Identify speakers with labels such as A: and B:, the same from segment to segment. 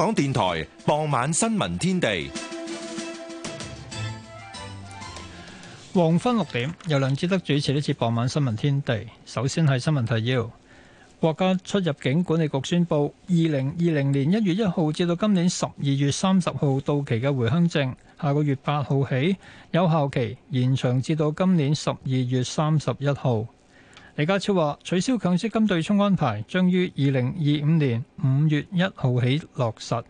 A: 香港電台傍晚新聞
B: 天地，黃昏六點由梁志德主持呢次傍晚新聞天地。首先係新聞提要，國家出入境管理局宣布，二零二零年一月一號至到今年十二月三十號到期嘅回鄉證，下個月八號起有效期延長至到今年十二月三十一號。李家超話取消強積金對沖安排，將於二零二五年五月一號起落實。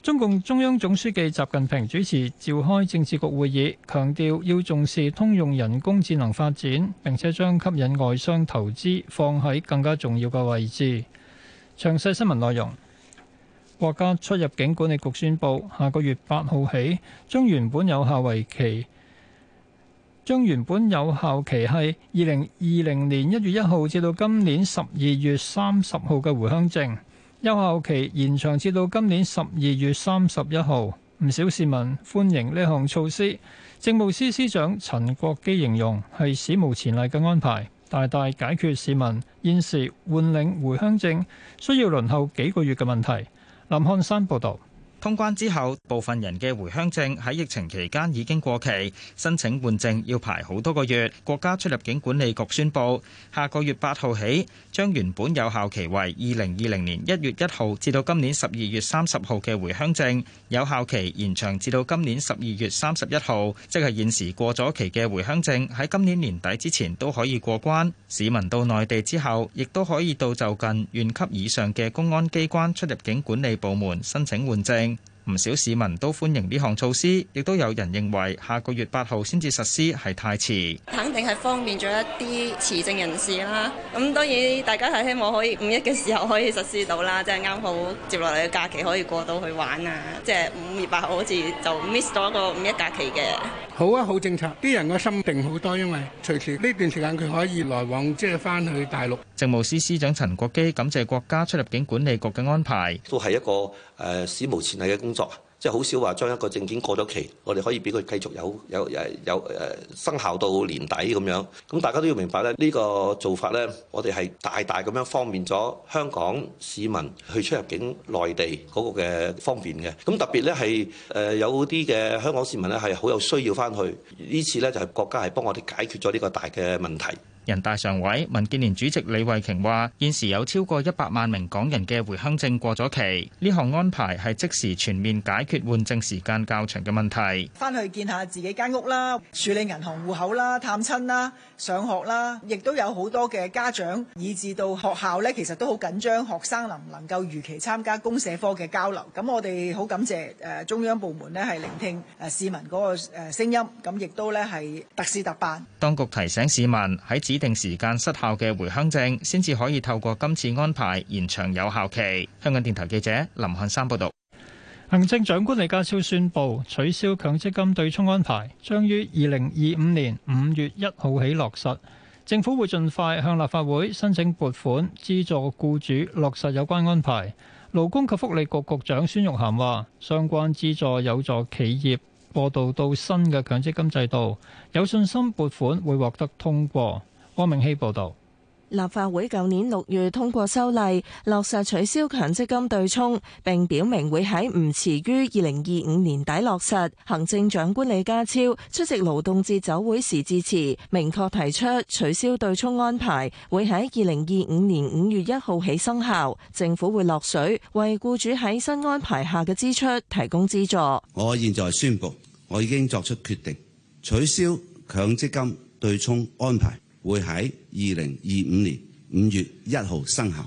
B: 中共中央總書記習近平主持召開政治局會議，強調要重視通用人工智能發展，並且將吸引外商投資放喺更加重要嘅位置。詳細新聞內容，國家出入境管理局宣布，下個月八號起，將原本有效為期。將原本有效期係二零二零年一月一號至到今年十二月三十號嘅回鄉證，有效期延長至到今年十二月三十一號。唔少市民歡迎呢項措施。政務司司長陳國基形容係史無前例嘅安排，大大解決市民現時換領回鄉
C: 證需要輪候幾個月嘅問題。林漢山報導。通關之後，部分人嘅回鄉證喺疫情期間已經過期，申請換證要排好多個月。國家出入境管理局宣布，下個月八號起，將原本有效期為二零二零年一月一號至到今年十二月三十號嘅回鄉證有效期延長至到今年十二月三十一號，即係現時過咗期嘅回鄉證喺今年年底之前都可以過關，市民到內地之後亦都可以到就近縣級以上嘅公安機關出入境管理部門申請換證。唔少市民都歡迎呢項措施，亦都有人認為下個月八號先至實施係太遲。
D: 肯定係方便咗一啲持證人士啦。咁當然大家係希望可以五一嘅時候可以實施到啦，即係啱好接落嚟嘅假期可以過到去玩啊！即係五月八號好似就 miss 咗一個五一假期嘅。
C: 好啊，好政策，啲人個心定好多，因為隨時呢段時間佢可以來往，即係翻去大陸。政務司司長陳國基感謝國家出入境管理局嘅安排，
A: 都係一個，誒史無前例嘅工作，即係好少話將一個證件過咗期，我哋可以俾佢繼續有有誒有誒生效到年底咁樣。咁大家都要明白咧，呢個做法咧，我哋係大大咁樣方便咗香港市民去出入境內地嗰個嘅方便嘅。咁特別咧係誒有啲嘅香港市民咧係好有需要翻去呢次咧，就係國家係幫我哋解
C: 決咗呢個大嘅問題。人大常委、民建聯主席李慧瓊話：現時有超過一百萬名港人嘅回鄉證過咗期，呢項安排係即時全面解決換證時間較長嘅問題。
E: 翻去見下自己間屋啦，處理銀行戶口啦，探親啦，上學啦，亦都有好多嘅家長，以至到學校咧，其實都好緊張，學生能唔能夠如期參加公社科嘅交流？咁我哋好感謝誒中央部門咧，係聆聽誒市民嗰個誒聲音，咁亦都咧係特事特辦。
C: 當局提醒市民喺指。一定時間失效嘅回鄉證，先至可以透過今次安排延長有效期。香港電台記者林漢山報道。行政長官李家
B: 超宣佈取消強積金對沖安排，將於二零二五年五月一號起落實。政府會盡快向立法會申請撥款資助僱主落實有關安排。勞工及福利局局局長孫玉涵話，相關資助有助企業過渡到新嘅強積金制度，有信心撥款會獲得通過。郭明希報道，
D: 立法會舊年六月通過修例落實取消強積金對沖，並表明會喺唔遲於二零二五年底落實。行政長官李家超出席勞動節酒會時致辭，明確提出取消對沖安排會喺二零二五年五月一號起生效。政府會落水為僱主喺新安排下嘅支出提供資助。
F: 我現在宣佈，我已經作出決定，取消強積金對沖安排。會喺二零二五年五月一號生效。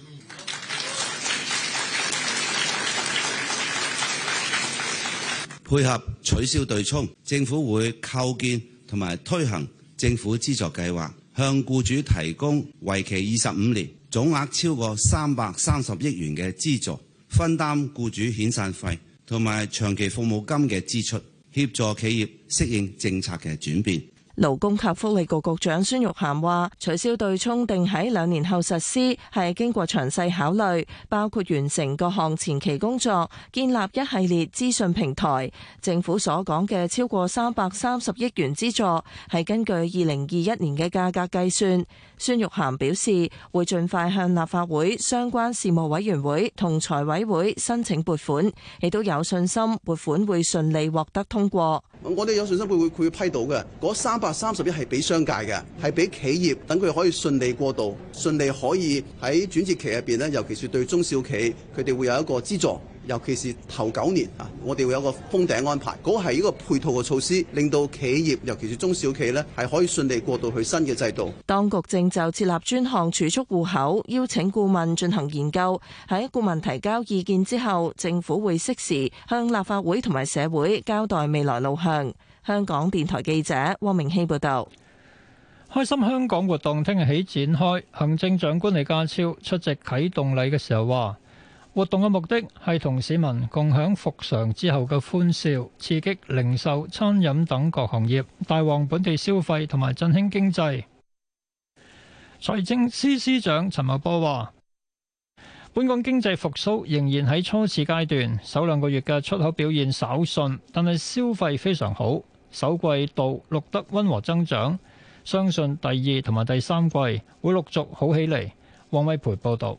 F: 配合取消對沖，政府會構建同埋推行政府資助計劃，向僱主提供為期二十五年，總額超過三百三十億元嘅資助，分擔僱主遣散費同埋長期服務金嘅支出，協助企業適應政策嘅轉變。
D: 勞工及福利局局長孫玉菡話：取消對沖定喺兩年後實施，係經過詳細考慮，包括完成各項前期工作，建立一系列資訊平台。政府所講嘅超過三百三十億元資助，係根據二零二一年嘅價格計算。孫玉菡表示，會盡快向立法會相關事務委員會同財委會申請撥款，亦都有信心撥款會順利獲得通過。
F: 我我哋有信心佢會佢會批到嘅，嗰三百三十億係俾商界嘅，係俾企業等佢可以順利過渡，順利可以喺轉折期入邊咧，尤其是對中小企，佢哋會有一個資助。尤其是頭九年啊，我哋會有個封頂安排，嗰個係一個配套嘅措施，令到企業，尤其是中小企咧，係可以順利過渡去新嘅制度。
D: 當局正就設立專項儲蓄戶口，邀請顧問進行研究。喺顧問提交意見之後，政府會適時向立法會同埋社會交代未來路向。香港電台記者汪明希報導。
B: 開心香港活動聽日起展開，行政長官李家超出席啟動禮嘅時候話。活動嘅目的係同市民共享復常之後嘅歡笑，刺激零售、餐飲等各行業，帶旺本地消費同埋振興經濟。財政司司長陳茂波話，本港經濟復甦仍然喺初始階段，首兩個月嘅出口表現稍遜，但係消費非常好，首季度錄得温和增長，相信第二同埋第三季會陸續好起嚟。黃偉培報道。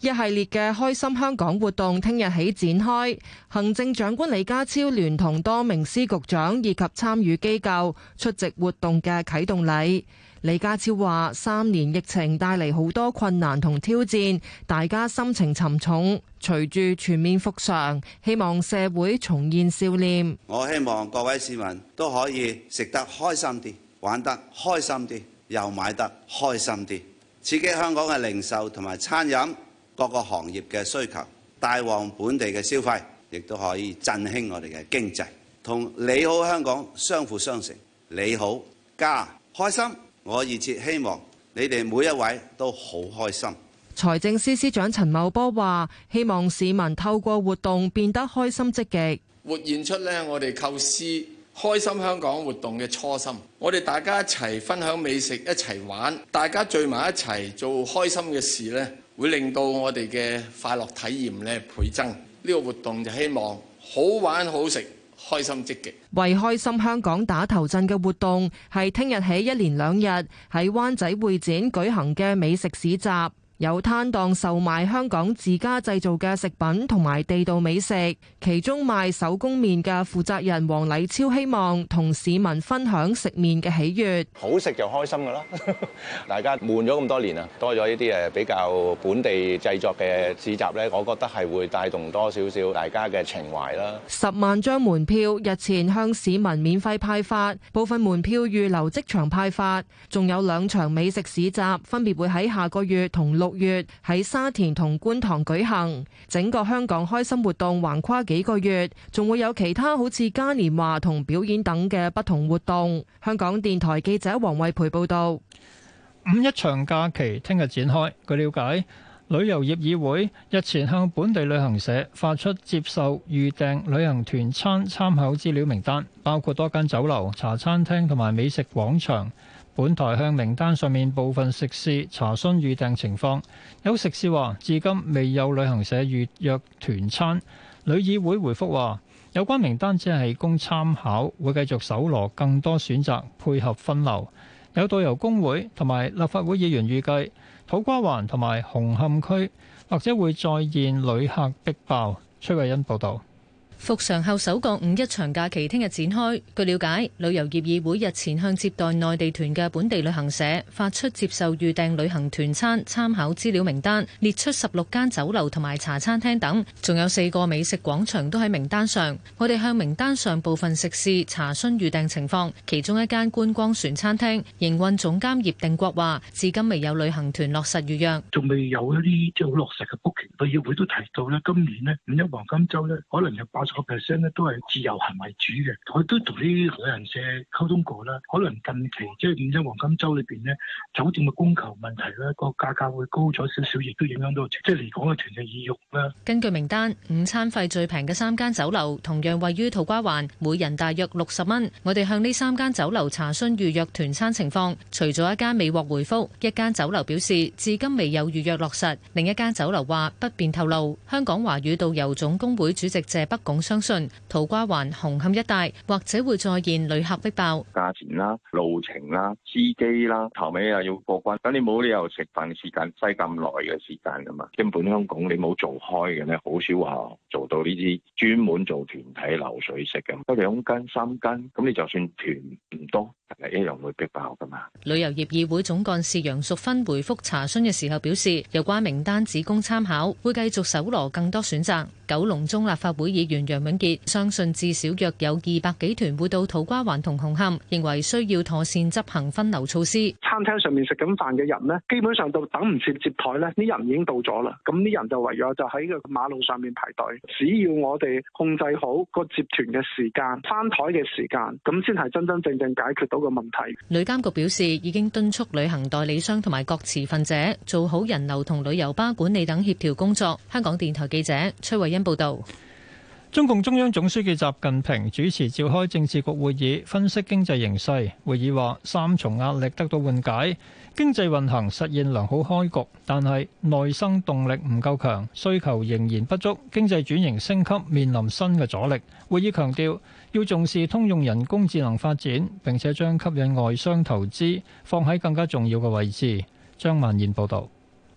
G: 一系列嘅開心香港活動聽日起展開，行政長官李家超聯同多名司局長以及參與機構出席活動嘅啟動禮。李家超話：三年疫情帶嚟好多困難同挑戰，大家心情沉重。隨住全面復常，希望社會重現笑
F: 臉。我希望各位市民都可以食得開心啲，玩得開心啲，又買得開心啲，刺激香港嘅零售同埋餐飲。各個行業嘅需求，帶旺本地嘅消費，亦都可以振興我哋嘅經濟。同你好香港相輔相成。你好家，家開心，我熱切希望你哋每一位都好開心。
G: 財政司司長陳茂波話，希望市民透過活動變得開心積極，
H: 活現出咧我哋構思開心香港活動嘅初心。我哋大家一齊分享美食，一齊玩，大家聚埋一齊做開心嘅事咧。會令到我哋嘅快樂體驗咧倍增，呢個活動就希望好玩好食，開心積極，
G: 為開心香港打頭陣嘅活動，係聽日起一連兩日喺灣仔會展舉行嘅美食市集。有攤檔售賣香港自家製造嘅食品同埋地道美食，其中賣手工麵嘅負責人黃禮超希望同市民分享食麵嘅喜悅。
F: 好食就開
A: 心㗎啦！大家悶咗咁多年啊，多咗呢啲誒比較本地製作嘅市集呢，我覺得係會帶動多少少大家嘅情懷啦。
G: 十萬張門票日前向市民免費派發，部分門票預留即場派發，仲有兩場美食市集分別會喺下個月同六。六月喺沙田同觀塘舉行，整個香港開心活動橫跨幾個月，仲會有其他好似嘉年華同表演等嘅不同活動。香港電台記者黃惠培報道。
B: 五一長假期聽日展開。據了解，旅遊業議會日前向本地旅行社發出接受預訂旅行團餐參考資料名單，包括多間酒樓、茶餐廳同埋美食廣場。本台向名單上面部分食肆查詢預訂情況，有食肆話至今未有旅行社預約團餐。旅議會回覆話有關名單只係供參考，會繼續搜羅更多選擇配合分流。有導遊工會同埋立法會議員預計土瓜灣同埋紅磡區或者會再現旅客逼爆。崔慧欣報道。
I: 復常後首個五一長假期聽日展開。據了解，旅遊業議會日前向接待內地團嘅本地旅行社發出接受預訂旅行團餐參考資料名單，列出十六間酒樓同埋茶餐廳等，仲有四個美食廣場都喺名單上。我哋向名單上部分食肆查詢預訂情況，其中一間觀光船餐廳營運總監葉定國話，至今未有旅行團落實預約，
J: 仲未有一啲即係好落實嘅 book。旅遊會都提到呢，今年呢五一黃金週呢，可能有八個 percent 咧都係自由行為主嘅，佢都同啲旅行社溝通過啦。可能近期即係五一黃金週裏邊咧，酒店嘅供求問題咧，個價格會高咗少少，亦都影響到即係嚟港嘅團嘅意欲啦。
I: 根據名單，午餐費最平嘅三間酒樓，同樣位於土瓜灣，每人大約六十蚊。我哋向呢三間酒樓查詢預約團餐情況，除咗一間未獲回覆，一間酒樓表示至今未有預約落實，另一間酒樓話不便透露。香港華語導遊總工會主席謝北拱。相信土瓜灣、紅磡一帶或者會再現旅客逼爆，價錢啦、
J: 路程啦、司機
A: 啦，頭尾又要過關，等你冇理由食飯時間西咁耐嘅時間噶嘛？根本香港你冇做開嘅呢，好少話做到呢啲專門做團體流水食
K: 嘅，得兩間三間，咁你就算團唔多，係一樣會逼爆噶嘛？
I: 旅遊業議會總幹事楊淑芬回覆查詢嘅時候表示，有關名單只供參考，會繼續搜羅更多選擇。九龍中立法會議員楊永杰相信至少約有二百幾團會到土瓜灣同紅磡，認為需要妥善執行分流措施。
K: 餐廳上面食緊飯嘅人呢，基本上都等唔切接台，呢啲人已經到咗啦。咁啲人就唯有就喺個馬路上面排隊。只要我哋控制好個接團嘅時間、翻台嘅時間，咁先係真真正正解決到個問題。
I: 旅監局表示，已經敦促旅行代理商同埋各持份者做好人流同旅遊巴管理等協調工作。香港電台記者崔慧欣報道。
B: 中共中央總書記習近平主持召開政治局會議，分析經濟形勢。會議話三重壓力得到緩解，經濟運行實現良好開局，但係內生動力唔夠強，需求仍然不足，經濟轉型升級面臨新嘅阻力。會議強調要重視通用人工智能發展，並且將吸引外商投資放喺更加重要嘅位置。張曼賢報導。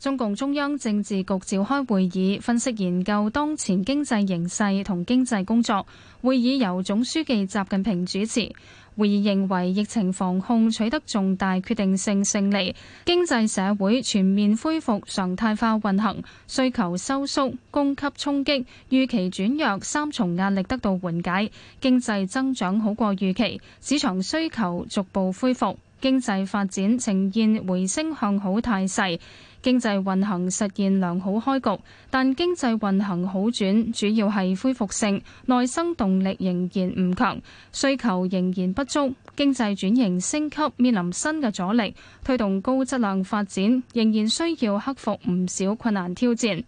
L: 中共中央政治局召開會議，分析研究當前經濟形勢同經濟工作。會議由總書記習近平主持。會議認為，疫情防控取得重大決定性勝利，經濟社會全面恢復常態化運行，需求收縮、供給衝擊、預期轉弱三重壓力得到緩解，經濟增長好過預期，市場需求逐步恢復。經濟發展呈現回升向好態勢，經濟運行實現良好開局。但經濟運行好轉主要係恢復性，內生動力仍然唔強，需求仍然不足，經濟轉型升級面臨新嘅阻力，推動高質量發展仍然需要克服唔少困難挑戰。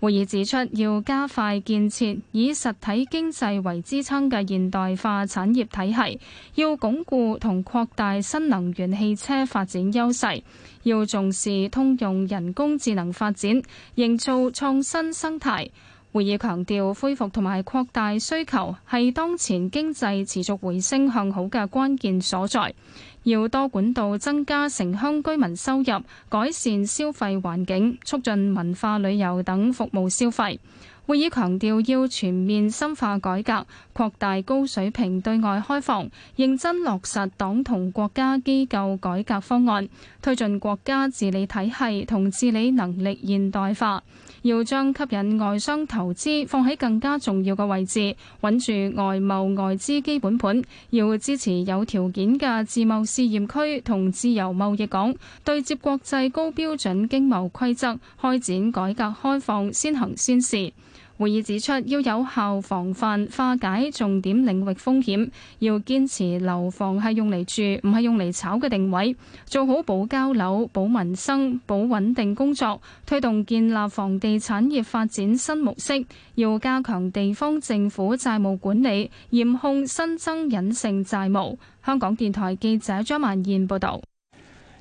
L: 會議指出，要加快建設以實體經濟為支撐嘅現代化產業體系，要鞏固同擴大新能源汽車發展優勢，要重視通用人工智能發展，營造創新生態。會議強調恢復同埋擴大需求係當前經濟持續回升向好嘅關鍵所在，要多管道增加城鄉居民收入，改善消費環境，促進文化旅遊等服務消費。會議強調要全面深化改革，擴大高水平對外開放，認真落實黨同國家機構改革方案，推進國家治理體系同治理能力現代化。要將吸引外商投資放喺更加重要嘅位置，穩住外貿外資基本盤。要支持有條件嘅自貿試驗區同自由貿易港，對接國際高標準經貿規則，開展改革開放先行先試。會議指出，要有效防範化解重點領域風險，要堅持樓房係用嚟住，唔係用嚟炒嘅定位，做好保交樓、保民生、保穩定工作，推動建立房地產業發展新模式。要加強地方政府債務管理，嚴控新增隱性債務。香港電台記者張曼燕報導。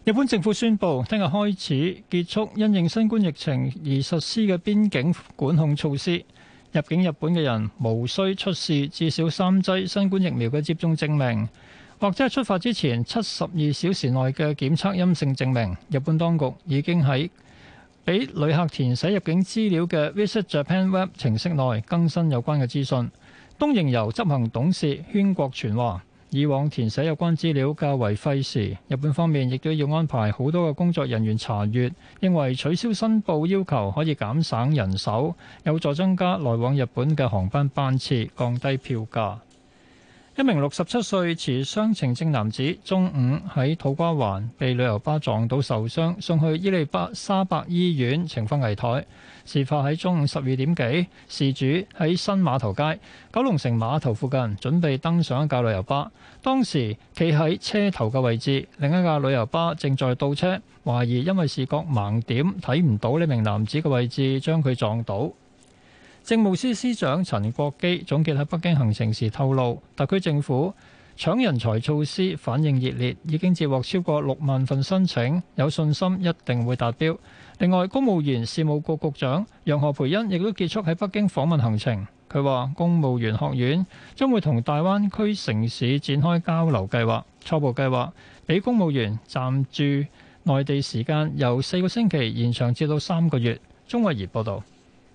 B: 日本政府宣布，聽日開始結束因應新冠疫情而實施嘅邊境管控措施。入境日本嘅人無需出示至少三劑新冠疫苗嘅接種證明，或者出發之前七十二小時內嘅檢測陰性證明。日本當局已經喺俾旅客填寫入境資料嘅 Visit Japan Web 程式內更新有關嘅資訊。東瀛遊執行董事禤國全話。以往填寫有關資料較為費時，日本方面亦都要安排好多個工作人員查閲，認為取消申報要求可以減省人手，有助增加來往日本嘅航班班次，降低票價。一名六十七歲持傷情證男子中午喺土瓜灣被旅遊巴撞到受傷，送去伊利沙伯醫院情況危殆。事發喺中午十二點幾，事主喺新碼頭街、九龍城碼頭附近準備登上一架旅遊巴，當時企喺車頭嘅位置，另一架旅遊巴正在倒車，懷疑因為視覺盲點睇唔到呢名男子嘅位置，將佢撞倒。政務司司長陳國基總結喺北京行程時透露，特區政府搶人才措施反應熱烈，已經接獲超過六萬份申請，有信心一定會達標。另外，公務員事務局局長楊何蓓茵亦都結束喺北京訪問行程。佢話，公務員學院將會同大灣區城市展開交流計劃，初步計劃俾公務員暫住內地時間由四個星期延長至到三個月。鍾慧儀報道。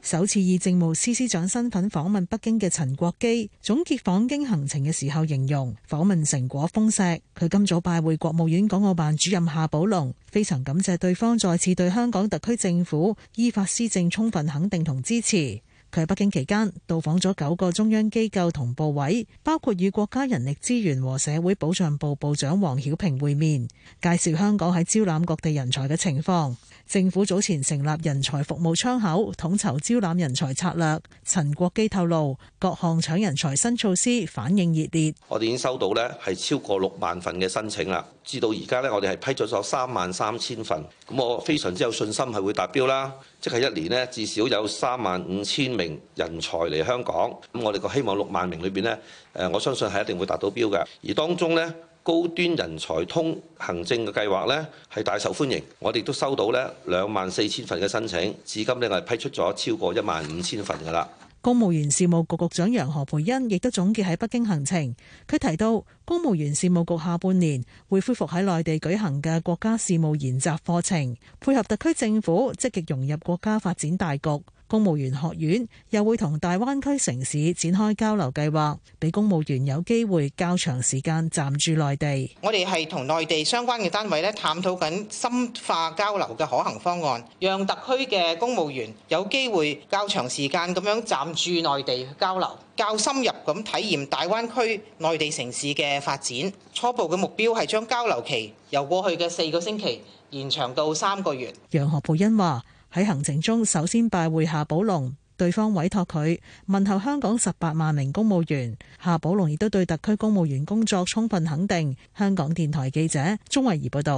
E: 首次以政務司司長身份訪問北京嘅陳國基總結訪京行程嘅時候，形容訪問成果豐碩。佢今早拜會國務院港澳辦主任夏寶龍，非常感謝對方再次對香港特區政府依法施政充分肯定同支持。佢喺北京期間到訪咗九個中央機構同部委，包括與國家人力資源和社會保障部部長王曉平會面，介紹香港喺招攬各地人才嘅情況。政府早前成立人才服務窗口，統籌招攬人才策略。陳國基透露，各項搶人才新措施反應熱烈。
A: 我哋已經收到呢係超過六萬份嘅申請啦。至到而家咧，我哋係批咗咗三萬三千份，咁我非常之有信心係會達標啦。即係一年咧，至少有三萬五千名人才嚟香港。咁我哋個希望六萬名裏邊咧，誒，我相信係一定會達到標嘅。而當中咧，高端人才通行證嘅計劃咧，係大受歡迎。我哋都收到咧兩萬四千份嘅申請，至今咧我係批出咗超過一萬五千份㗎啦。
E: 公務員事務局局長楊何蓓茵亦都總結喺北京行程，佢提到公務員事務局下半年會恢復喺內地舉行嘅國家事務研習課程，配合特區政府積極融入國家發展大局。公務員學院又會同大灣區城市展開交流計劃，俾公務員有機會較長時間暫住內地。我哋係同內地相關嘅單位咧，探討緊深化交流嘅可行方案，讓特區嘅公務員有機會較長時間咁樣暫住內地交流，較深入咁體驗大灣區內地城市嘅發展。初步嘅目標係將交流期由過去嘅四個星期延長到三個月。楊何蓓茵話。喺行程中，首先拜會夏寶龍，對方委託佢問候香港十八萬名公務員。夏寶龍亦都對特區公務員工作充分肯定。香港電台記者鍾慧儀報道。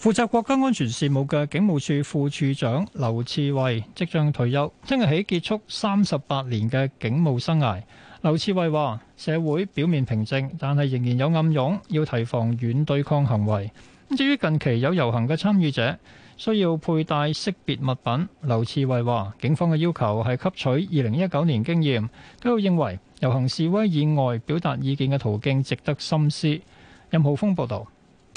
B: 負責國家安全事務嘅警務處副處長劉賜慧即將退休，聽日起結束三十八年嘅警務生涯。劉賜慧話：社會表面平靜，但係仍然有暗湧，要提防軟對抗行為。咁至於近期有遊行嘅參與者。需要佩戴識別物品。劉賜蕙話警方嘅要求係吸取二零一九年經驗，都認為遊行示威以外表達意見嘅途徑值得深思。任浩峰報道。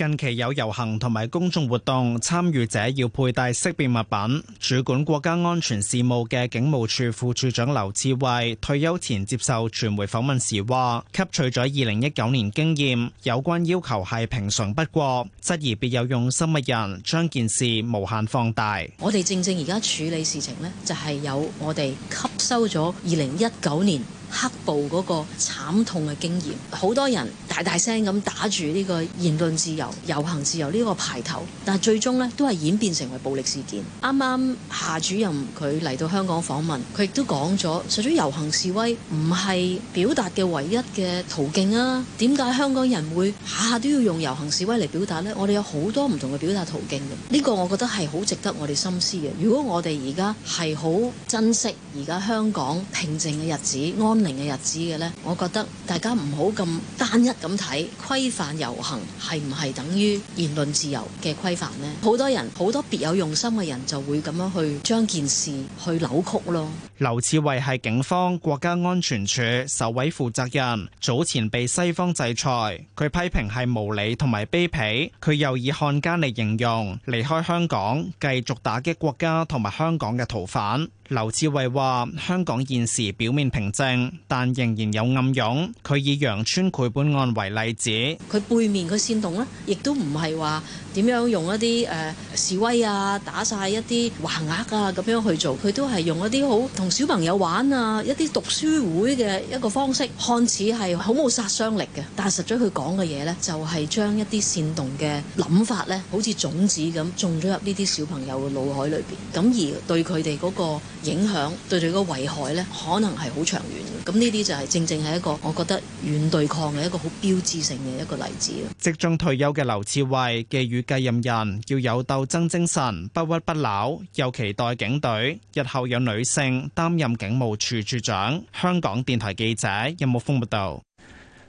M: 近期有遊行同埋公眾活動，參與者要佩戴識別物品。主管國家安全事務嘅警務處副處長劉賜蕙退休前接受傳媒訪問時話：吸取咗二零一九年經驗，有關要求係平常不過，質疑別有用心嘅人將件事無限放大。
N: 我哋正正而家處理事情呢，就係有我哋吸收咗二零一九年。黑暴嗰個慘痛嘅經驗，好多人大大聲咁打住呢個言論自由、遊行自由呢個牌頭，但係最終咧都係演變成為暴力事件。啱啱夏主任佢嚟到香港訪問，佢亦都講咗，除咗遊行示威唔係表達嘅唯一嘅途徑啊！點解香港人會下下都要用遊行示威嚟表達咧？我哋有好多唔同嘅表達途徑嘅，呢個我覺得係好值得我哋深思嘅。如果我哋而家係好珍惜而家香港平靜嘅日子、安嘅日子嘅咧，我覺得大家唔好咁單一咁睇，規範遊行係唔係等於言論自由嘅規範咧？好多人好多別有用心嘅人就會咁樣去將件事去扭
M: 曲咯。劉賜蕙係警方國家安全處首位負責人，早前被西方制裁。佢批評係無理同埋卑鄙，佢又以漢奸嚟，形容離開香港繼續打擊國家同埋香港嘅逃犯。劉賜蕙話：香港現時表面平靜，但仍然有暗湧。佢以羊村繪本案為例子，
N: 佢背面嘅煽動呢，亦都唔係話點樣用一啲誒、呃、示威啊，打曬一啲橫額啊咁樣去做，佢都係用一啲好同。小朋友玩啊，一啲讀書會嘅一個方式，看似係好冇殺傷力嘅，但係實在佢講嘅嘢咧，就係將一啲煽動嘅諗法咧，好似種子咁種咗入呢啲小朋友嘅腦海裏邊，咁而對佢哋嗰個影響對佢個危害咧，可能係好長遠嘅。咁呢啲就係正正係一個我覺得軟對抗嘅一個好標誌性嘅一個例子
M: 咯。即將退休嘅劉賜蕙寄語繼任人要有鬥爭精神，不屈不撓，又期待警隊日後有女性。擔任警務處處長，香港電台記者任木峰報道。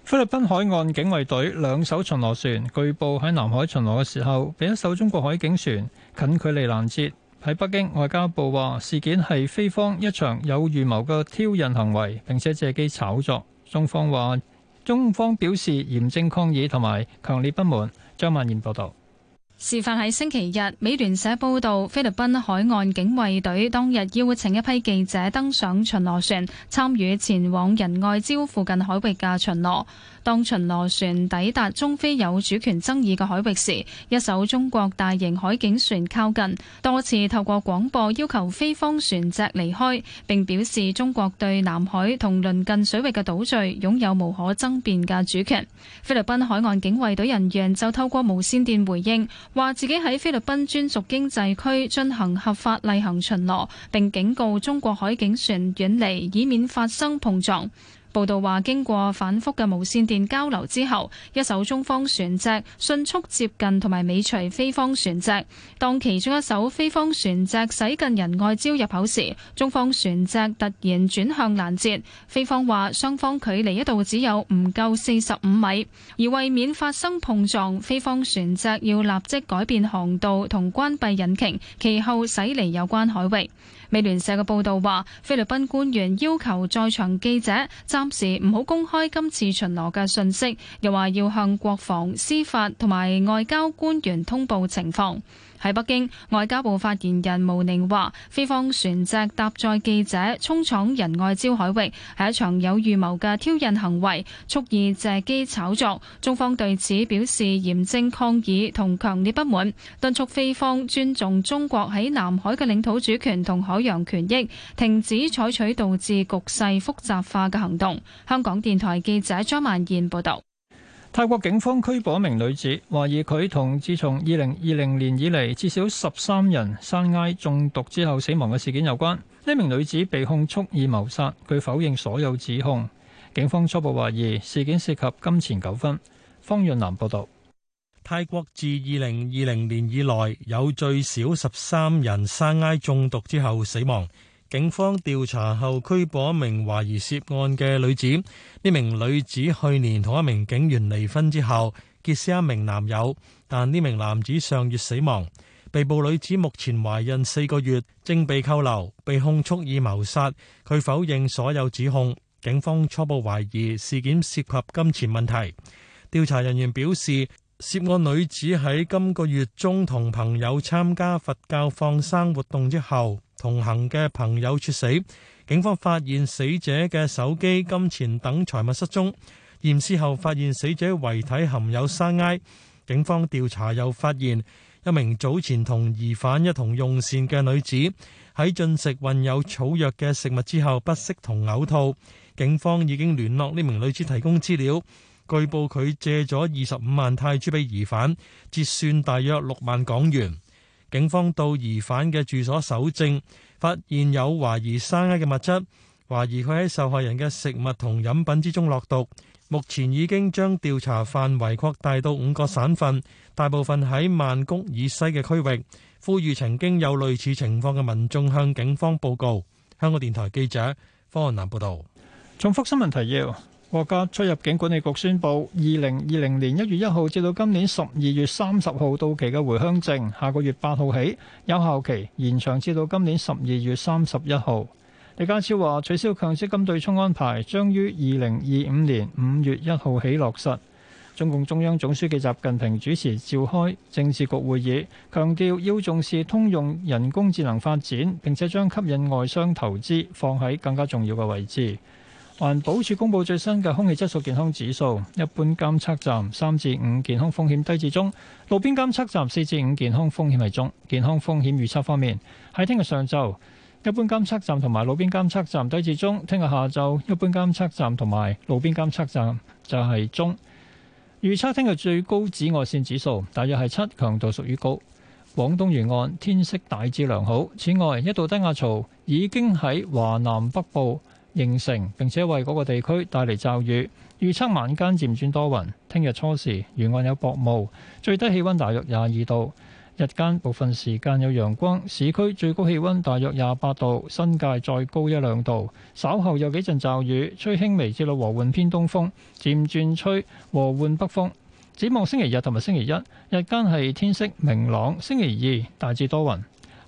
M: 菲律賓海岸警衛隊兩艘巡邏船據報喺南海巡邏嘅時候，
B: 被一艘中國海警船近距離攔截。喺北京外交部話，事件係菲方一場有預謀嘅挑釁行為，並且借機炒作。中方話，中方表示嚴正抗議同埋強烈不滿。張曼燕報道。
L: 事發喺星期日，美聯社報導，菲律賓海岸警衛隊當日邀請一批記者登上巡邏船，參與前往仁愛礁附近海域嘅巡邏。當巡邏船抵達中菲有主權爭議嘅海域時，一艘中國大型海警船靠近，多次透過廣播要求菲方船隻離開，並表示中國對南海同鄰近水域嘅島嶼擁有無可爭辯嘅主權。菲律賓海岸警衛隊人員就透過無線電回應，話自己喺菲律賓專屬經濟區進行合法例行巡邏，並警告中國海警船遠離，以免發生碰撞。報道話，經過反覆嘅無線電交流之後，一艘中方船隻迅速接近同埋尾隨菲方船隻。當其中一艘菲方船隻駛近仁愛礁入口時，中方船隻突然轉向攔截。菲方話雙方距離一度只有唔夠四十五米，而為免發生碰撞，菲方船隻要立即改變航道同關閉引擎，其後駛離有關海域。美聯社嘅報道話，菲律賓官員要求在場記者暫時唔好公開今次巡邏嘅信息，又話要向國防、司法同埋外交官員通報情況。喺北京，外交部發言人毛寧話，菲方船隻搭載記者衝闖仁愛礁海域係一場有預謀嘅挑釁行為，蓄意借機炒作，中方對此表示嚴正抗議同強烈不滿，敦促菲方尊重中國喺南海嘅領土主權同海，海洋權益，停止採取導致局勢複雜化嘅行動，香港電台記者張萬燕報道。
B: 泰國警方拘捕一名女子，懷疑佢同自從二零二零年以嚟至少十三人山埃中毒之後死亡嘅事件有關，呢名女子被控蓄意謀殺，佢否認所有指控。警方初步懷疑事件涉及金錢糾紛，方潤南報道。
J: 泰國自2020年以來有最少13涉案女子喺今個月中同朋友參加佛教放生活動之後，同行嘅朋友猝死，警方發現死者嘅手機、金錢等財物失蹤。驗屍後發現死者遺體含有山埃，警方調查又發現一名早前同疑犯一同用膳嘅女子喺進食混有草藥嘅食物之後不適同嘔吐，警方已經聯絡呢名女子提供資料。據報佢借咗二十五萬泰銖俾疑犯，折算大約六萬港元。警方到疑犯嘅住所搜證，發現有懷疑生薑嘅物質，懷疑佢喺受害人嘅食物同飲品之中落毒。目前已經將調查範圍擴大到五個省份，大部分喺曼谷以西嘅區域。呼籲曾經有類似情況嘅民眾向警方報告。香港電台記者方瀚南報導。重複新聞提要。國家出入境
B: 管理局宣布，二零二零年一月一號至到今年十二月三十號到期嘅回鄉證，下個月八號起有效期延長至到今年十二月三十一號。李家超話取消強積金對沖安排將於二零二五年五月一號起落實。中共中央總書記習近平主持召開政治局會議，強調要重視通用人工智能發展，並且將吸引外商投資放喺更加重要嘅位置。環保署公布最新嘅空氣質素健康指數，一般監測站三至五健康風險低至中，路邊監測站四至五健康風險係中。健康風險預測方面，喺聽日上晝，一般監測站同埋路邊監測站低至中；聽日下晝，一般監測站同埋路邊監測站就係中。預測聽日最高紫外線指數大約係七，強度屬於高。廣東沿岸天色大致良好，此外一道低壓槽已經喺華南北部，形成並且為嗰個地區帶嚟驟雨。預測晚間漸轉多雲，聽日初時沿岸有薄霧，最低氣溫大約廿二度。日間部分時間有陽光，市區最高氣溫大約廿八度，新界再高一兩度。稍後有幾陣驟雨，吹輕微至到和緩偏東風，漸轉吹和緩北風。展望星期日同埋星期一，日間係天色明朗，星期二大致多雲。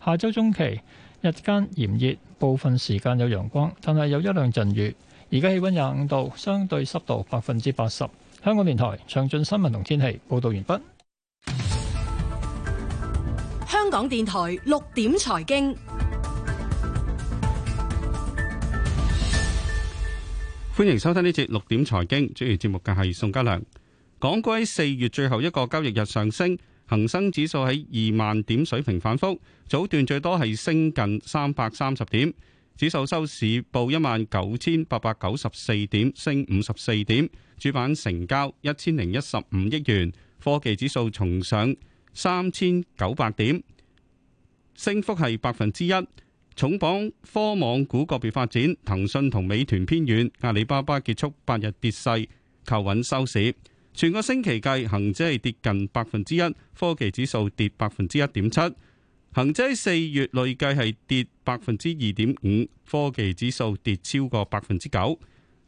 B: 下周中期日間炎熱。部分時間有陽光，但係有一兩陣雨。而家氣溫廿五度，相對濕度百分之八十。香港電台詳盡新聞同天氣報道完畢。
N: 香港電台六點財經，
O: 歡迎收聽呢節六點財經，主持節目嘅係宋家良。港股喺四月最後一個交易日上升。恒生指數喺二萬點水平反覆，早段最多係升近三百三十點，指數收市報一萬九千八百九十四點，升五十四點，主板成交一千零一十五億元。科技指數重上三千九百點，升幅係百分之一。重磅：科網股個別發展，騰訊同美團偏軟，阿里巴巴結束八日跌勢，求穩收市。全個星期計，恒指係跌近百分之一，科技指數跌百分之一點七。恒指四月累計係跌百分之二點五，科技指數跌超過百分之九。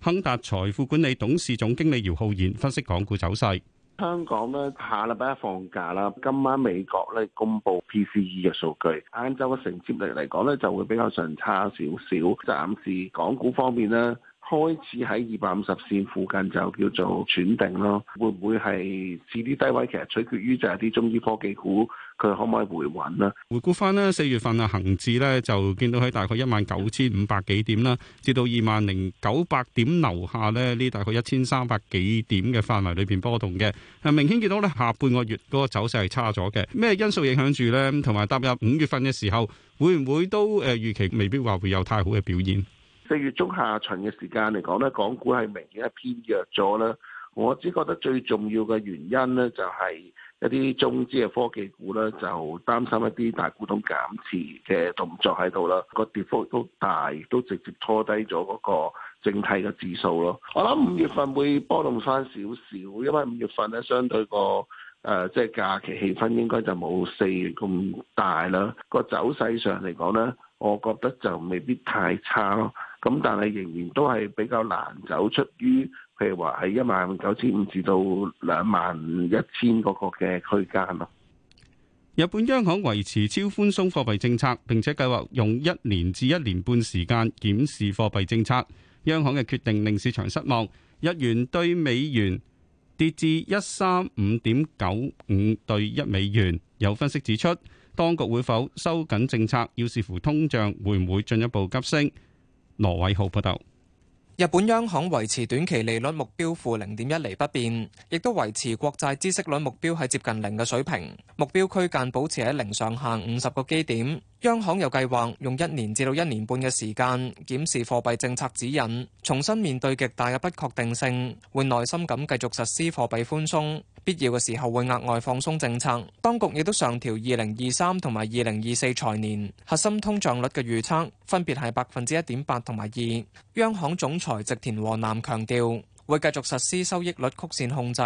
O: 亨達財富管理董事總經理姚浩然分析港股走勢：
K: 香港呢，下禮拜放假啦，今晚美國咧公布 PCE 嘅數據，晏晝嘅承接力嚟講咧就會比較上差少少。暫時港股方面呢。開始喺二百五十線附近就叫做喘定咯，會唔會係試啲低位？其實取決於就係啲中醫科技股佢可唔可以回穩啦？
O: 回顧返呢四月份啊恒指呢，就見到喺大概一萬九千五百幾點啦，至到二萬零九百點樓下呢，呢大概一千三百幾點嘅範圍裏邊波動嘅，係明顯見到呢下半個月嗰個走勢係差咗嘅。咩因素影響住呢？同埋踏入五月份嘅時候，會唔會都誒、呃、預期未必話會有太好嘅表現？
K: 四月中下旬嘅時間嚟講咧，港股係明顯係偏弱咗啦。我只覺得最重要嘅原因咧，就係一啲中資嘅科技股咧，就擔心一啲大股東減持嘅動作喺度啦。個跌幅都大，都直接拖低咗嗰個整體嘅指數咯。我諗五月份會波動翻少少，因為五月份咧，相對個誒即係假期氣氛應該就冇四月咁大啦。個走勢上嚟講咧，我覺得就未必太差咯。咁，但係仍然都係比較難走出於，譬如話喺一萬九千五至到兩萬一千嗰個嘅區間咯。
O: 日本央行維持超寬鬆貨幣政策，並且計劃用一年至一年半時間檢視貨幣政策。央行嘅決定令市場失望，日元兌美元跌至一三五點九五兌一美元。有分析指出，當局會否收緊政策，要視乎通脹會唔會進一步急升。羅偉浩報道：
H: 日本央行維持短期利率目標負零點一厘不變，亦都維持國債孳息率目標喺接近零嘅水平，目標區間保持喺零上下五十個基點。央行又計劃用一年至到一年半嘅時間檢視貨幣政策指引，重新面對極大嘅不確定性，會耐心咁繼續實施貨幣寬鬆，必要嘅時候會額外放鬆政策。當局亦都上調二零二三同埋二零二四財年核心通脹率嘅預測，分別係百分之一點八同埋二。央行總裁植田和男強調，會繼續實施收益率曲線控制，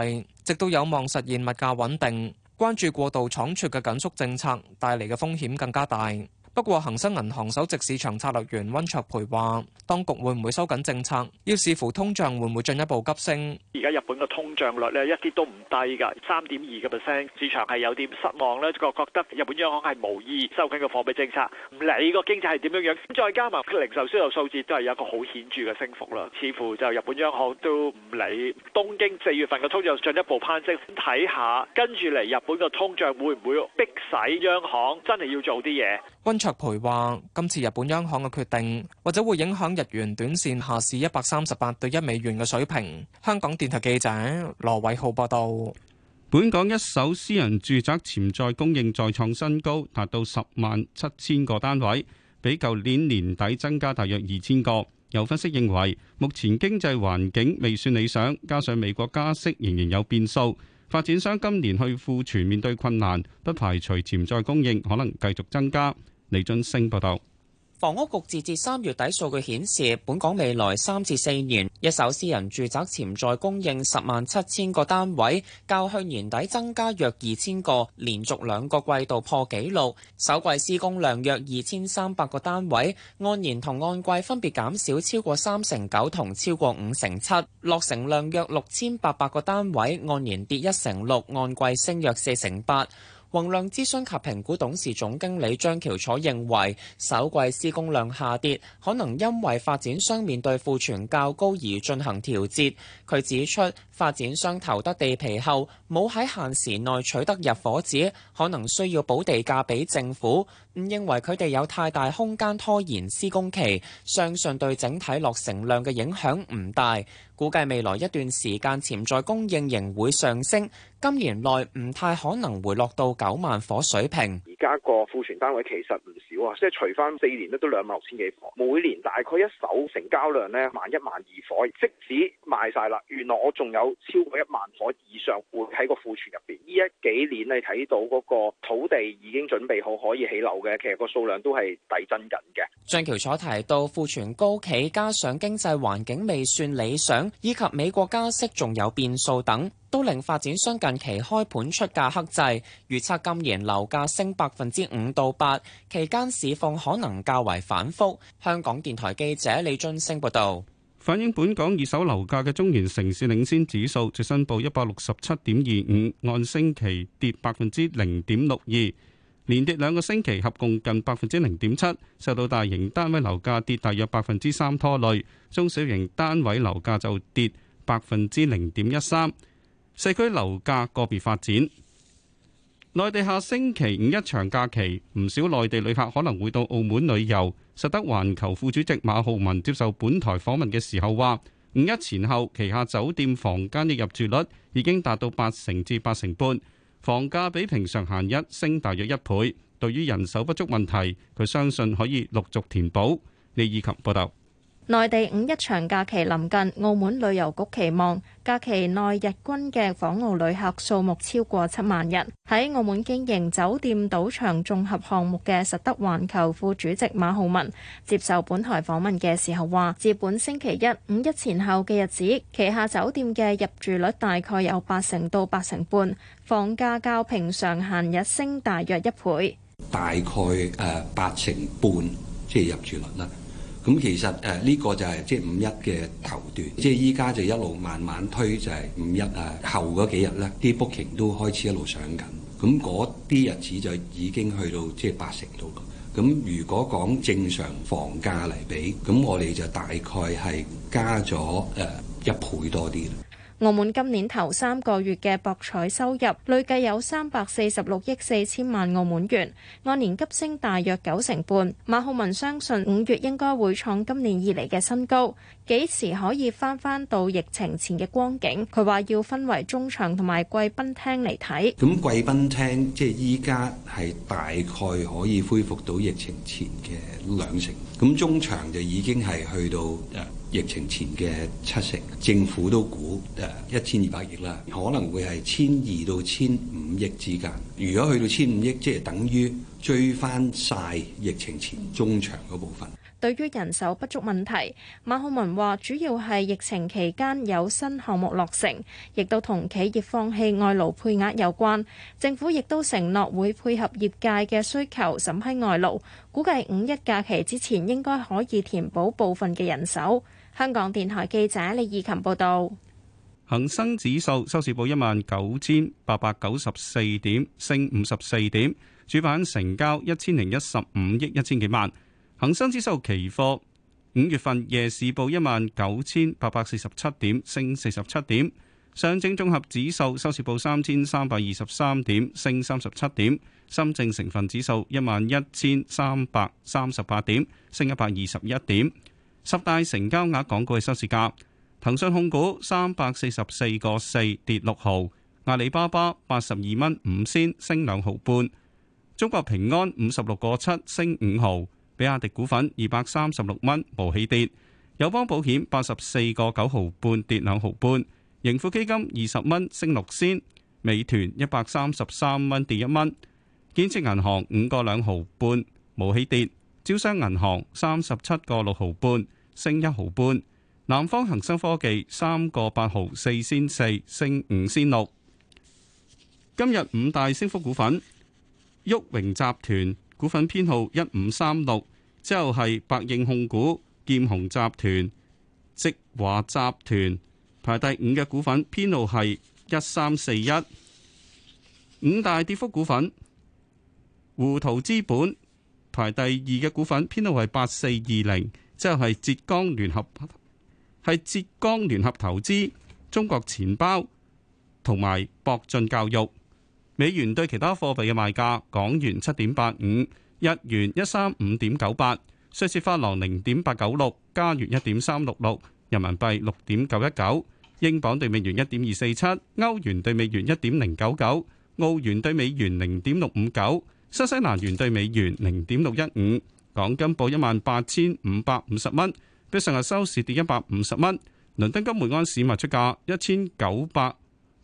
H: 直到有望實現物價穩定。關注過度倉促嘅緊縮政策帶嚟嘅風險更加大。不過，恒生銀行首席市場策略員溫卓培話，當局會唔會收緊政策，要視乎通脹會唔會進一步急升。
C: 而家日
J: 本嘅通脹率呢，一啲都唔低噶，三點二個 percent，市場係有啲失望呢。覺覺得日本央行係無意收緊個貨幣政策，唔理個經濟係點樣樣。再加埋佢零售銷售數字都係有一個好顯著嘅升幅啦，似乎就日本央行都唔理東京四月份嘅通脹進一步攀升，睇下跟住嚟日本嘅通脹會唔會逼使央行真係要做啲嘢。
H: 卓培話：今次日本央行嘅決定或者會影響日元短線下市一百三十八對一美元嘅水平。香港電台記者羅偉浩報道。本港一手私人住宅潛在供應
O: 再創新高，達到十萬七千個單位，比舊年年底增加大約二千個。有分析認為，目前經濟環境未算理想，加上美國加息仍然有變數，發展商今年去庫存面對困難，不排除潛在供應可能繼續增加。李津升報道，
P: 房屋局截至三月底數據顯示，本港未來三至四年一手私人住宅潛在供應十萬七千個單位，較去年底增加約二千個，連續兩個季度破紀錄。首季施工量約二千三百個單位，按年同按季分別減少超過三成九同超過五成七。落成量約六千八百個單位，按年跌一成六，按季升約四成八。宏亮諮詢及評估董事總經理張喬楚認為，首季施工量下跌可能因為發展商面對庫存較高而進行調節。佢指出，發展商投得地皮後冇喺限時內取得入伙紙，可能需要補地價俾政府。唔認為佢哋有太大空間拖延施工期，相信對整體落成量嘅影響唔大。估計未來一段時間潛在供應仍會上升，今年內唔太可能回落到九萬伙水
G: 平。
A: 而家個庫存單位其實唔少啊，即係除翻四年咧都兩萬六千幾伙，每年大概一手成交量呢萬一萬二伙，即使賣晒啦，原來我仲有超過一萬伙以上會喺個庫存入邊。呢一幾年你睇到嗰個土地已經準備好可以起樓嘅，其實個數量都係遞增緊嘅。
P: 張橋所提到庫存高企，加上經濟環境未算理想。以及美國加息仲有變數等，都令發展商近期開盤出價克制，預測今年樓價升百分之五到八，期間市況可能較為反覆。香港電台記者李津升報道，
O: 反映本港二手樓價嘅中原城市領先指數就申報 25, 升報一百六十七點二五，按星期跌百分之零點六二。連跌兩個星期，合共近百分之零點七，受到大型單位樓價跌大約百分之三拖累，中小型單位樓價就跌百分之零點一三，社區樓價個別發展。內地下星期五一長假期，唔少內地旅客可能會到澳門旅遊。實德環球副主席馬浩文接受本台訪問嘅時候話：五一前後旗下酒店房間嘅入住率已經達到八成至八成半。房價比平常閒日升大約一倍，對於人手不足問題，佢相信可以陸續填補。李以琴報道。
Q: 內地五一長假期臨近，澳門旅遊局期望假期內日均嘅訪澳旅客數目超過七萬人。喺澳門經營酒店、賭場綜合項目嘅實德環球副主席馬浩文接受本台訪問嘅時候話，自本星期一五一前後嘅日子，旗下酒店嘅入住率大概有八成到八成半，房價較平常閒日升大約一倍。
F: 大概誒八成半，即係入住率啦。咁其實誒呢、呃這個就係即係五一嘅頭段，即係依家就一路慢慢推就係、是、五一啊，後嗰幾日咧，啲 booking 都開始一路上緊，咁嗰啲日子就已經去到即係八成到咁、嗯、如果講正常房價嚟比，咁、嗯、我哋就大概係加咗誒、呃、一倍多啲啦。
Q: 澳門今年頭三個月嘅博彩收入累計有三百四十六億四千萬澳門元，按年急升大約九成半。馬浩文相信五月應該會創今年以來嘅新高，幾時可以返返到疫情前嘅光景？佢話要分為中場同埋貴賓廳嚟睇。咁貴
F: 賓廳即係依家係大概可以恢復到疫情前嘅兩成，咁中場就已經係去到誒。疫情前嘅七成，政府都估誒一千二百億啦，可能會係千二到千五億之間。如果去到千五億，即係等於追翻曬疫情前中長嗰部分。
Q: 對於人手不足問題，馬浩文話：主要係疫情期間有新項目落成，亦都同企業放棄外勞配額有關。政府亦都承諾會配合業界嘅需求審批外勞，估計五一假期之前應該可以填補部分嘅人手。香港電台記者李怡琴報道：
O: 恒生指數收市報一萬九千八百九十四點，升五十四點；主板成交一千零一十五億一千幾萬。恒生指數期貨五月份夜市報一萬九千八百四十七點，升四十七點。上證綜合指數收市報三千三百二十三點，升三十七點。深證成分指數一萬一千三百三十八點，升一百二十一點。十大成交額港股嘅收市價：騰訊控股三百四十四個四跌六毫，阿里巴巴八十二蚊五仙升兩毫半，中國平安五十六個七升五毫，比亞迪股份二百三十六蚊無起跌，友邦保險八十四個九毫半跌兩毫半，盈富基金二十蚊升六仙，美團一百三十三蚊跌一蚊，建設銀行五個兩毫半無起跌。招商銀行三十七個六毫半，65，升一毫半。南方恒生科技三個八毫四仙四，升五仙六。今日五大升幅股份，旭榮集團股份編號一五三六，之後係百應控股、劍雄集團、積華集團，排第五嘅股份編號係一三四一。五大跌幅股份，胡桃資本。排第二嘅股份，編號係八四二零，之後係浙江聯合，係浙江聯合投資、中國錢包同埋博進教育。美元對其他貨幣嘅賣價：港元七點八五，日元一三五點九八，瑞士法郎零點八九六，加元一點三六六，人民幣六點九一九，英鎊對美元一點二四七，歐元對美元一點零九九，澳元對美元零點六五九。新西蘭元兌美元零點六一五，港金報一萬八千五百五十蚊，比上日收市跌一百五十蚊。倫敦金每安士賣出價一千九百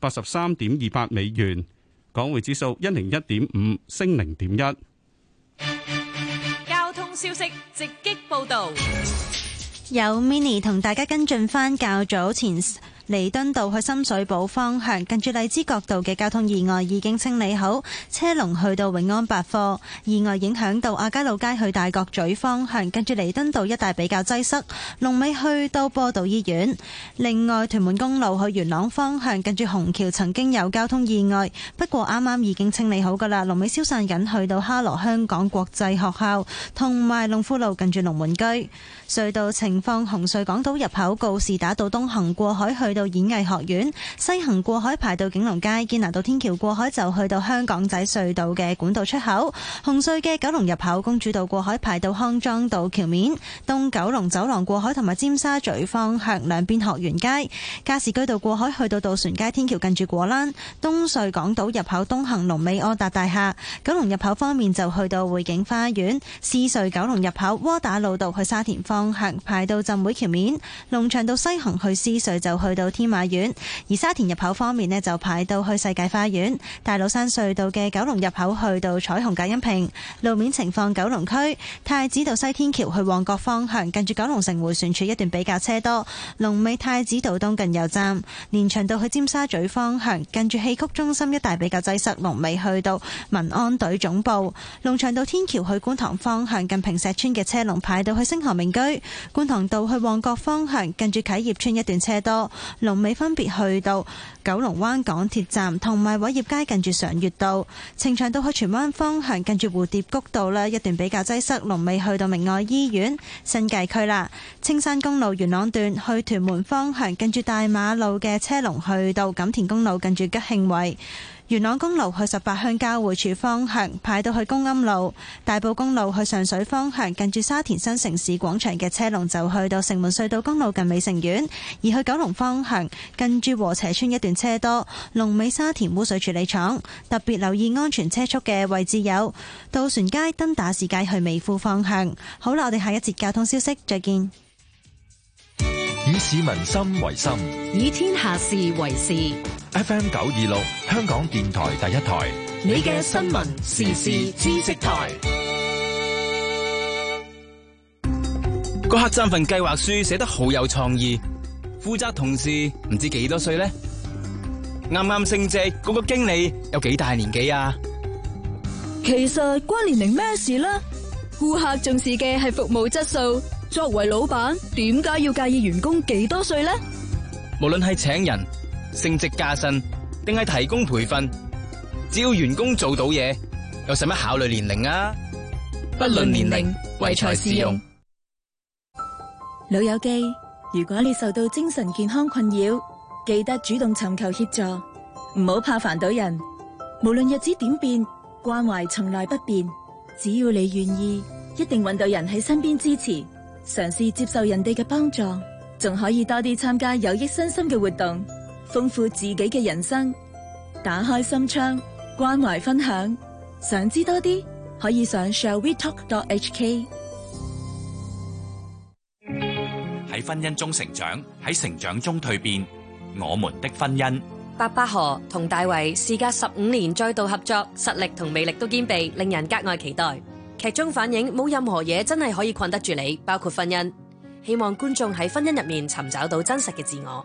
O: 八十三點二八美元，港匯指數一零一點五升零點一。
I: 交通消息直擊報道，
R: 有 mini 同大家跟進翻較早前。彌敦道去深水埗方向，近住荔枝角道嘅交通意外已經清理好，車龍去到永安百貨。意外影響到亞皆老街去大角咀方向，近住彌敦道一帶比較擠塞，龍尾去到波道醫院。另外，屯門公路去元朗方向，近住虹橋曾經有交通意外，不過啱啱已經清理好噶啦，龍尾消散緊去到哈羅香港國際學校，同埋龍富路近住龍門居隧道情況，紅隧港島入口告士打道東行過海去。到演藝學院，西行過海排到景隆街，堅拿道天橋過海就去到香港仔隧道嘅管道出口。紅隧嘅九龍入口，公主道過海排到康莊道橋面，東九龍走廊過海同埋尖沙咀方向兩邊學院街，加士居道過海去到渡船街天橋近住果欄。東隧港島入口東行龍尾柯達大廈，九龍入口方面就去到匯景花園。獅隧九龍入口窩打老道去沙田方向，排到浸會橋面，龍翔道西行去獅隧就去到天馬苑，而沙田入口方面呢，就排到去世界花園、大老山隧道嘅九龍入口去到彩虹隔音屏路面情況，九龍區太子道西天橋去旺角方向近住九龍城回旋處一段比較車多，龍尾太子道東近油站，連翔道去尖沙咀方向近住戲曲中心一帶比較擠塞，龍尾去到民安隊總部，龍翔道天橋去觀塘方向近平石村嘅車龍排到去星河名居，觀塘道去旺角方向近住啟業村一段車多。龍尾分別去到九龍灣港鐵站同埋偉業街近住常悅道，呈祥道去荃灣方向近住蝴蝶谷道啦，一段比較擠塞，龍尾去到明愛醫院新界區啦，青山公路元朗段去屯門方向近住大馬路嘅車龍去到錦田公路近住吉慶圍。元朗公路去十八鄉交匯處方向排到去公庵路，大埔公路去上水方向近住沙田新城市廣場嘅車龍就去到城門隧道公路近美城苑，而去九龍方向近住和斜村一段車多，龍尾沙田污水處理廠，特別留意安全車速嘅位置有渡船街、登打士街去美孚方向。好啦，我哋下一節交通消息再見。
J: 以市民心為心，
R: 以天下事為事。
A: F M 九二六香港電台第一台，
C: 你嘅新聞時事
G: 知識台。
C: 個客棧
M: 份計劃書寫得好有創意，負責同事唔知幾多歲咧？啱啱升職，嗰個經理有幾大年紀啊？其
N: 實關年齡咩事啦？顧客重視嘅係服務質素，作為老闆點解要介意員工幾多歲咧？
M: 無論係請人。升職加薪，定係提供培訓。只要員工做到嘢，有使乜考慮年齡啊？不論年齡，
E: 唯
N: 才是用。老友記，如果你受到精神健康困擾，記得主動尋求協助，唔好怕煩到人。無論日子點變，關懷從來不變。只要你願意，一定揾到人喺身邊支持。嘗試接受人哋嘅幫助，仲可以多啲參加有益身心嘅活動。豐富自己嘅人生，打開心窗，關懷分享，想知多啲，可以上 shall we talk dot hk。
P: 喺婚姻中成長，喺成長中蛻變，我們的婚姻。
I: 白百何同大為事隔十五年再度合作，實力同魅力都兼備，令人格外期待。劇中反映冇任何嘢真係可以困得住你，包括婚姻。希望觀眾喺婚姻入面尋找到真實嘅自我。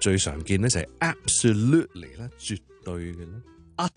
L: 最常見咧，就係 absolutely 啦，絕對嘅啦。